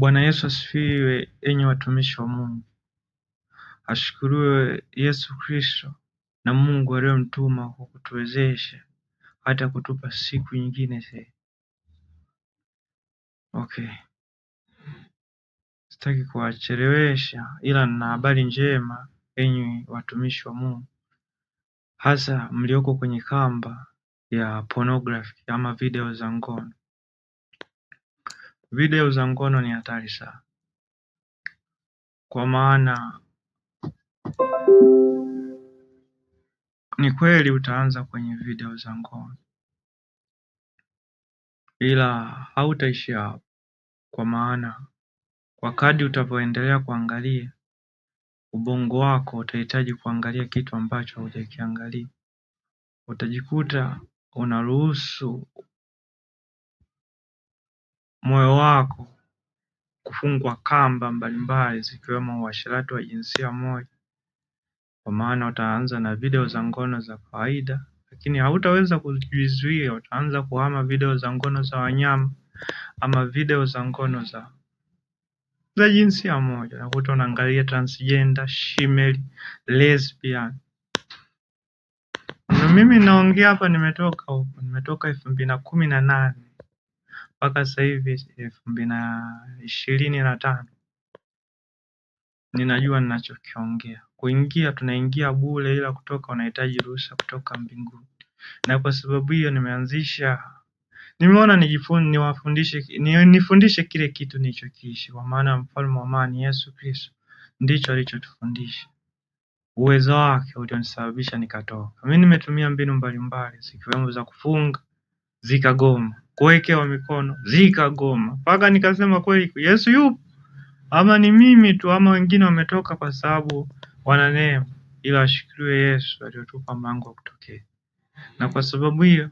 Bwana Yesu asifiwe, enyi watumishi wa Mungu. Ashukuriwe Yesu Kristo na Mungu aliyomtuma kwa kutuwezesha hata kutupa siku nyingine tena. Okay, sitaki kuwachelewesha, ila na habari njema enyi watumishi wa Mungu, hasa mlioko kwenye kamba ya pornography ama video za ngono. Video za ngono ni hatari sana kwa maana ni kweli utaanza kwenye video za ngono, ila hautaishia hapo, kwa maana kwa kadri utavyoendelea kuangalia, ubongo wako utahitaji kuangalia kitu ambacho haujakiangalia. Utajikuta unaruhusu moyo wako kufungwa kamba mbalimbali zikiwemo uasherati wa jinsia moja kwa maana utaanza na video za ngono za kawaida, lakini hautaweza kujizuia. Utaanza kuhama video za ngono za wanyama ama video za ngono za za jinsia moja, nakuta unaangalia transgender, shimeli, lesbian. Na mimi naongea hapa, nimetoka huko, nimetoka elfu mbili na kumi na nane mpaka sasa hivi elfu mbili na ishirini na tano ninajua ninachokiongea. Kuingia tunaingia bure, ila kutoka unahitaji ruhusa kutoka mbinguni. Na kwa sababu hiyo nimeanzisha, nimeona niwafundishe, ni- nifundishe kile kitu nilichokiishi, kwa maana mfalme wa amani Yesu Kristo ndicho alichotufundisha. Uwezo wake ulionisababisha nikatoka. Mimi nimetumia mbinu mbalimbali zikiwemo za kufunga zikagoma, kuwekewa mikono, zikagoma. Mpaka nikasema kweli Yesu yupo ama ni mimi tu, ama wengine wametoka kwa sababu wana neema, ila ashukuriwe Yesu aliyotupa mlango wa kutokea. Na kwa sababu hiyo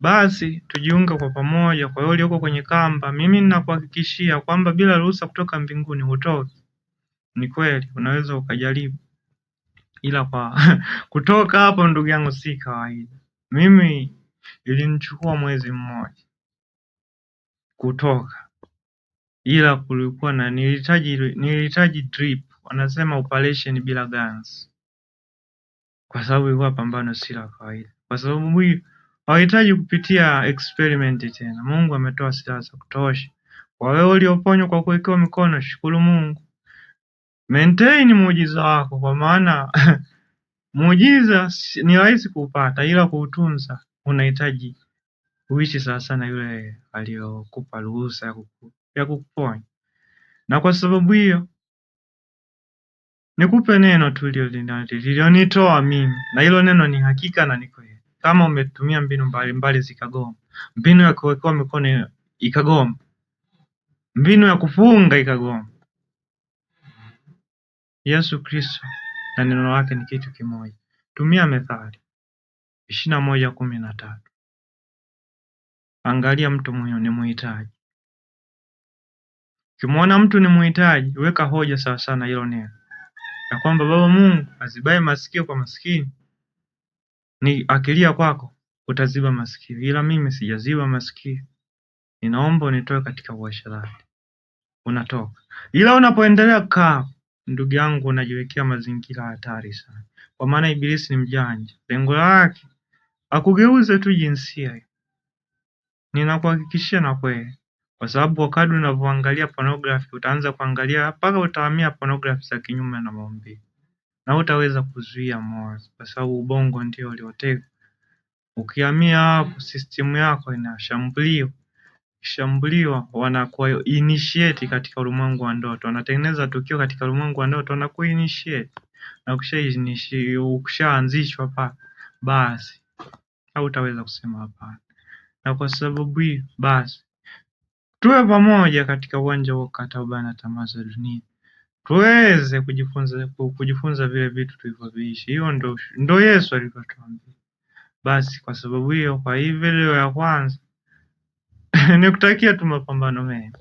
basi tujiunga kwa pamoja. Kwa hiyo ulioko kwenye kamba, mimi ninakuhakikishia kwamba bila ruhusa kutoka mbinguni hutoki. Ni kweli unaweza ukajaribu, ila kwa kutoka hapo, ndugu yangu, si kawaida. Mimi ilinichukua mwezi mmoja kutoka ila kulikuwa na nilihitaji drip wanasema operation bila guns kwa sababu ilikuwa pambano si la kawaida kwa sababu huyu hawahitaji kupitia experiment tena Mungu ametoa silaha za kutosha kwa wewe ulioponywa kwa kuwekewa mikono shukuru Mungu maintain muujiza wako kwa maana muujiza ni rahisi kuupata ila kuutunza unahitaji huishi sawasawa na yule aliyokupa ruhusa ya kukuponya. Na kwa sababu hiyo nikupe neno tu lilionitoa mimi, na hilo neno ni hakika na ni kweli. Kama umetumia mbinu mbalimbali zikagoma, mbinu ya kuwekewa mikono ikagoma, mbinu ya kufunga ikagoma, Yesu Kristo na neno lake ni kitu kimoja. Tumia Methali ishirini na moja kumi na tatu. Angalia mtu ni muhitaji. Ukimwona mtu ni muhitaji, weka hoja sawa sawa na hilo neno ya kwamba Baba Mungu azibaye masikio kwa maskini, ni akilia kwako utaziba masikio, ila mimi sijaziba masikio, ninaomba unitoe katika uasha Unatoka, ila unapoendelea kukaa, ndugu yangu, unajiwekea mazingira hatari sana, kwa maana Ibilisi ni mjanja, lengo lake akugeuze tu jinsia hiyo. Ninakuhakikishia na kweli kwa sababu kadri unavyoangalia pornography utaanza kuangalia mpaka utahamia pornography za kinyume na maumbile na utaweza kuzuia moyo kwa sababu ubongo ndio uliotengwa. Ukihamia hapo system yako inashambuliwa ikishambuliwa wanakuinitiate katika ulimwengu wa ndoto wanatengeneza tukio katika ulimwengu wa ndoto wanakuinitiate na ukisha initiate ukishaanzishwa basi hautaweza kusema hapana na kwa sababu hii basi tuwe pamoja katika uwanja wa kata na tamaa dunia, tuweze kujifunza kujifunza vile vitu tulivyoviishi. Hiyo ndo, ndo Yesu alivyotuambia. Basi kwa sababu hiyo, kwa hii leo ya kwanza nikutakia tu mapambano mema.